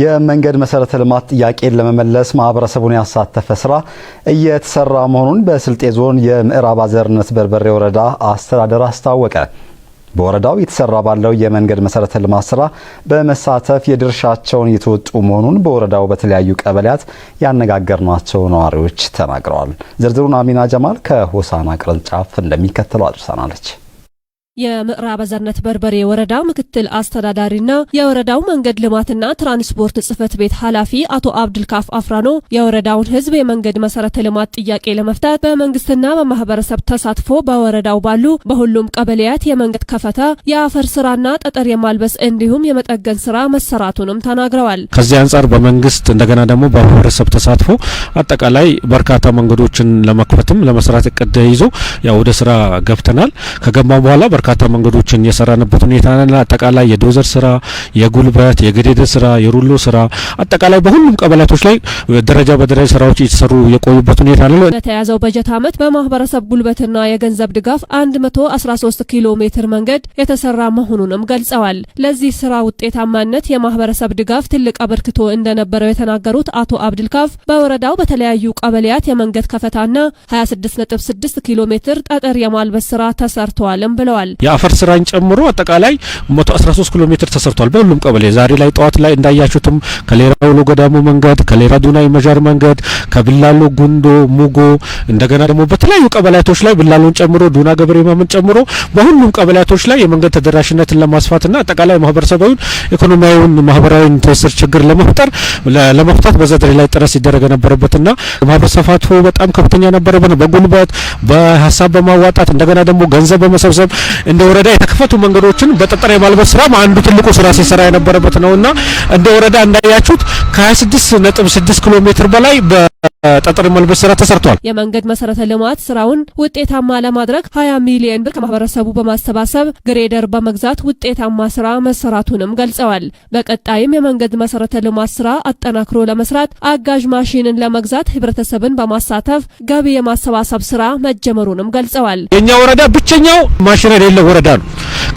የመንገድ መሰረተ ልማት ጥያቄን ለመመለስ ማህበረሰቡን ያሳተፈ ስራ እየተሰራ መሆኑን በስልጤ ዞን የምዕራብ አዘርነት በርበሬ ወረዳ አስተዳደር አስታወቀ። በወረዳው የተሰራ ባለው የመንገድ መሰረተ ልማት ስራ በመሳተፍ የድርሻቸውን የተወጡ መሆኑን በወረዳው በተለያዩ ቀበሌያት ያነጋገርናቸው ነዋሪዎች ተናግረዋል። ዝርዝሩን አሚና ጀማል ከሆሳና ቅርንጫፍ እንደሚከተለው አድርሳናለች። የምዕራብ አዘርነት በርበሬ ወረዳ ምክትል አስተዳዳሪና የወረዳው መንገድ ልማትና ትራንስፖርት ጽህፈት ቤት ኃላፊ አቶ አብድልካፍ አፍራኖ የወረዳውን ህዝብ የመንገድ መሰረተ ልማት ጥያቄ ለመፍታት በመንግስትና በማህበረሰብ ተሳትፎ በወረዳው ባሉ በሁሉም ቀበሌያት የመንገድ ከፈታ፣ የአፈር ስራና ጠጠር የማልበስ እንዲሁም የመጠገን ስራ መሰራቱንም ተናግረዋል። ከዚህ አንጻር በመንግስት እንደገና ደግሞ በማህበረሰብ ተሳትፎ አጠቃላይ በርካታ መንገዶችን ለመክፈትም ለመስራት እቅድ ይዞ ያው ወደ ስራ ገብተናል። ከገባ በኋላ በርካታ መንገዶችን የሰራንበት ሁኔታ ነን። አጠቃላይ የዶዘር ስራ፣ የጉልበት የግዴደር ስራ፣ የሩሎ ስራ አጠቃላይ በሁሉም ቀበሌያቶች ላይ ደረጃ በደረጃ ስራዎች የተሰሩ የቆዩበት ሁኔታ ነን። በተያዘው በጀት ዓመት በማህበረሰብ ጉልበትና የገንዘብ ድጋፍ 113 ኪሎ ሜትር መንገድ የተሰራ መሆኑንም ገልጸዋል። ለዚህ ስራ ውጤታማነት የማህበረሰብ ድጋፍ ትልቅ አበርክቶ እንደነበረው የተናገሩት አቶ አብድልካፍ በወረዳው በተለያዩ ቀበሌያት የመንገድ ከፈታና 266 ኪሎ ሜትር ጠጠር የማልበስ ስራ ተሰርተዋልም ብለዋል። የአፈር ስራን ጨምሮ አጠቃላይ 113 ኪሎ ሜትር ተሰርቷል። በሁሉም ቀበሌ ዛሬ ላይ ጠዋት ላይ እንዳያችሁትም ከሌራ ወሎ ገዳሙ መንገድ፣ ከሌራ ዱናይ መዣር መንገድ፣ ከብላሎ ጉንዶ ሙጎ እንደገና ደግሞ በተለያዩ ቀበሌያቶች ላይ ብላሎን ጨምሮ ዱና ገበሬ ማመን ጨምሮ በሁሉም ቀበሌያቶች ላይ የመንገድ ተደራሽነትን ለማስፋትና አጠቃላይ ማህበረሰባዊን ኢኮኖሚያዊን ማህበራዊን ትስስር ችግር ለመፍጠር ለመፍታት በዛ ላይ ጥረት ሲደረግ ነበረበትና ማህበረሰብ በጣም ከፍተኛ ነበረ። በጉልበት በሀሳብ በማዋጣት እንደገና ደግሞ ገንዘብ በመሰብሰብ እንደ ወረዳ የተከፈቱ መንገዶችን በጠጠር የማልበስ ስራ አንዱ ትልቁ ስራ ሲሰራ የነበረበት ነውና እንደ ወረዳ እንዳያችሁት ከ26.6 ኪሎ ሜትር በላይ ጠጠር መልበስ ስራ ተሰርቷል። የመንገድ መሰረተ ልማት ስራውን ውጤታማ ለማድረግ 20 ሚሊዮን ብር ከማህበረሰቡ በማሰባሰብ ግሬደር በመግዛት ውጤታማ ስራ መሰራቱንም ገልጸዋል። በቀጣይም የመንገድ መሰረተ ልማት ስራ አጠናክሮ ለመስራት አጋዥ ማሽንን ለመግዛት ህብረተሰብን በማሳተፍ ገቢ የማሰባሰብ ስራ መጀመሩንም ገልጸዋል። የኛ ወረዳ ብቸኛው ማሽን የሌለ ወረዳ ነው።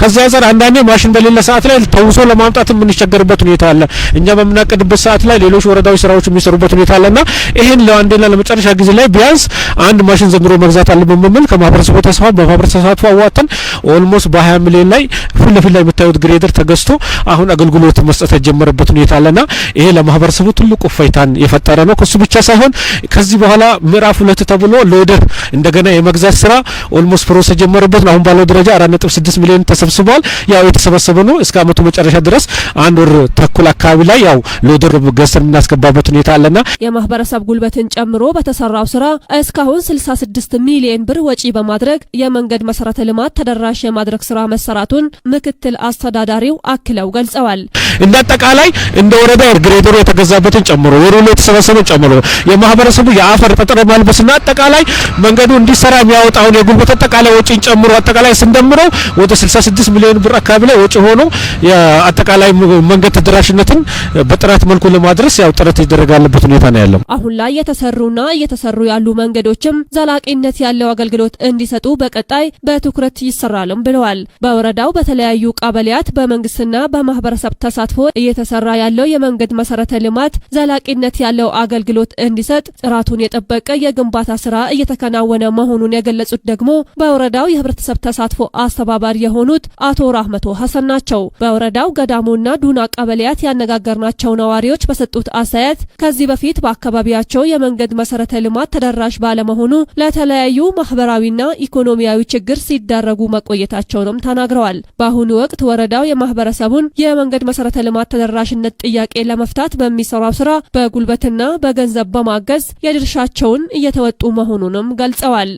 ከዛ አንጻር አንዳንዴ ማሽን በሌለ ሰዓት ላይ ተውሶ ለማምጣት የምንቸገርበት ሁኔታ አለ። እኛ በምናቀድበት ሰዓት ላይ ሌሎች ወረዳዎች ስራዎች የሚሰሩበት ሁኔታ አለና ይሄ ግን ለአንዴና ለመጨረሻ ጊዜ ላይ ቢያንስ አንድ ማሽን ዘምሮ መግዛት አለብን በሚል ከማህበረሰቡ ተስፋ በማህበረሰብ ተሳትፎ አዋጥተን ኦልሞስት በ20 ሚሊዮን ላይ ፊት ለፊት ላይ የምታዩት ግሬደር ተገዝቶ አሁን አገልግሎት መስጠት የጀመረበት ሁኔታ አለና ይሄ ለማህበረሰቡ ትልቁ እፎይታን የፈጠረ ነው። ከሱ ብቻ ሳይሆን ከዚህ በኋላ ምዕራፍ ሁለት ተብሎ ሎደር እንደገና የመግዛት ስራ ኦልሞስት ፕሮሰስ የጀመረበት አሁን ባለው ደረጃ 4.6 ሚሊዮን ተሰብስቧል። ያው የተሰበሰበ ነው እስከ አመቱ መጨረሻ ድረስ አንድ ወር ተኩል አካባቢ ላይ ያው ሎደር ገዝተን የምናስገባበት ሁኔታ አለና የማህበረሰብ ጉልበትን ጨምሮ በተሰራው ስራ እስካሁን 66 ሚሊዮን ብር ወጪ በማድረግ የመንገድ መሰረተ ልማት ተደራሽ የማድረግ ስራ መሰራቱን ምክትል አስተዳዳሪው አክለው ገልጸዋል። እንደ አጠቃላይ እንደ ወረዳ ግሬደሩ የተገዛበትን ጨምሮ ወሩሎ የተሰበሰበን ጨምሮ የማህበረሰቡ የአፈር ጠጠር ማልበስና አጠቃላይ መንገዱ እንዲሰራ የሚያወጣውን የጉልበት አጠቃላይ ወጪን ጨምሮ አጠቃላይ ስንደምረው ወደ 66 ሚሊዮን ብር አካባቢ ላይ ወጪ ሆኖ የአጠቃላይ መንገድ ተደራሽነትን በጥራት መልኩ ለማድረስ ያው ጥረት ይደረጋለበት ሁኔታ ነው ያለው አሁን ላይ ላይ የተሰሩና እየተሰሩ ያሉ መንገዶችም ዘላቂነት ያለው አገልግሎት እንዲሰጡ በቀጣይ በትኩረት ይሰራልም ብለዋል። በወረዳው በተለያዩ ቀበሌያት በመንግስትና በማህበረሰብ ተሳትፎ እየተሰራ ያለው የመንገድ መሰረተ ልማት ዘላቂነት ያለው አገልግሎት እንዲሰጥ ጥራቱን የጠበቀ የግንባታ ስራ እየተከናወነ መሆኑን የገለጹት ደግሞ በወረዳው የህብረተሰብ ተሳትፎ አስተባባሪ የሆኑት አቶ ራህመቶ ሀሰን ናቸው። በወረዳው ገዳሙና ዱና ቀበሌያት ያነጋገርናቸው ነዋሪዎች በሰጡት አስተያየት ከዚህ በፊት በአካባቢያቸው ያላቸው የመንገድ መሰረተ ልማት ተደራሽ ባለመሆኑ ለተለያዩ ማህበራዊና ኢኮኖሚያዊ ችግር ሲዳረጉ መቆየታቸውንም ተናግረዋል። በአሁኑ ወቅት ወረዳው የማህበረሰቡን የመንገድ መሰረተ ልማት ተደራሽነት ጥያቄ ለመፍታት በሚሰራው ስራ በጉልበትና በገንዘብ በማገዝ የድርሻቸውን እየተወጡ መሆኑንም ገልጸዋል።